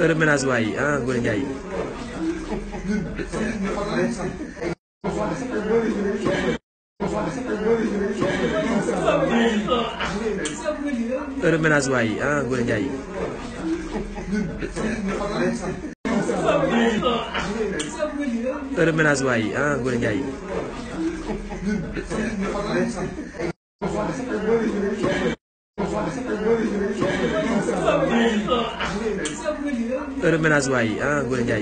heure ménage waay yi ah Ngoné Ndiaye heure yi ah Ngoné heure ménage waay ah Ngoné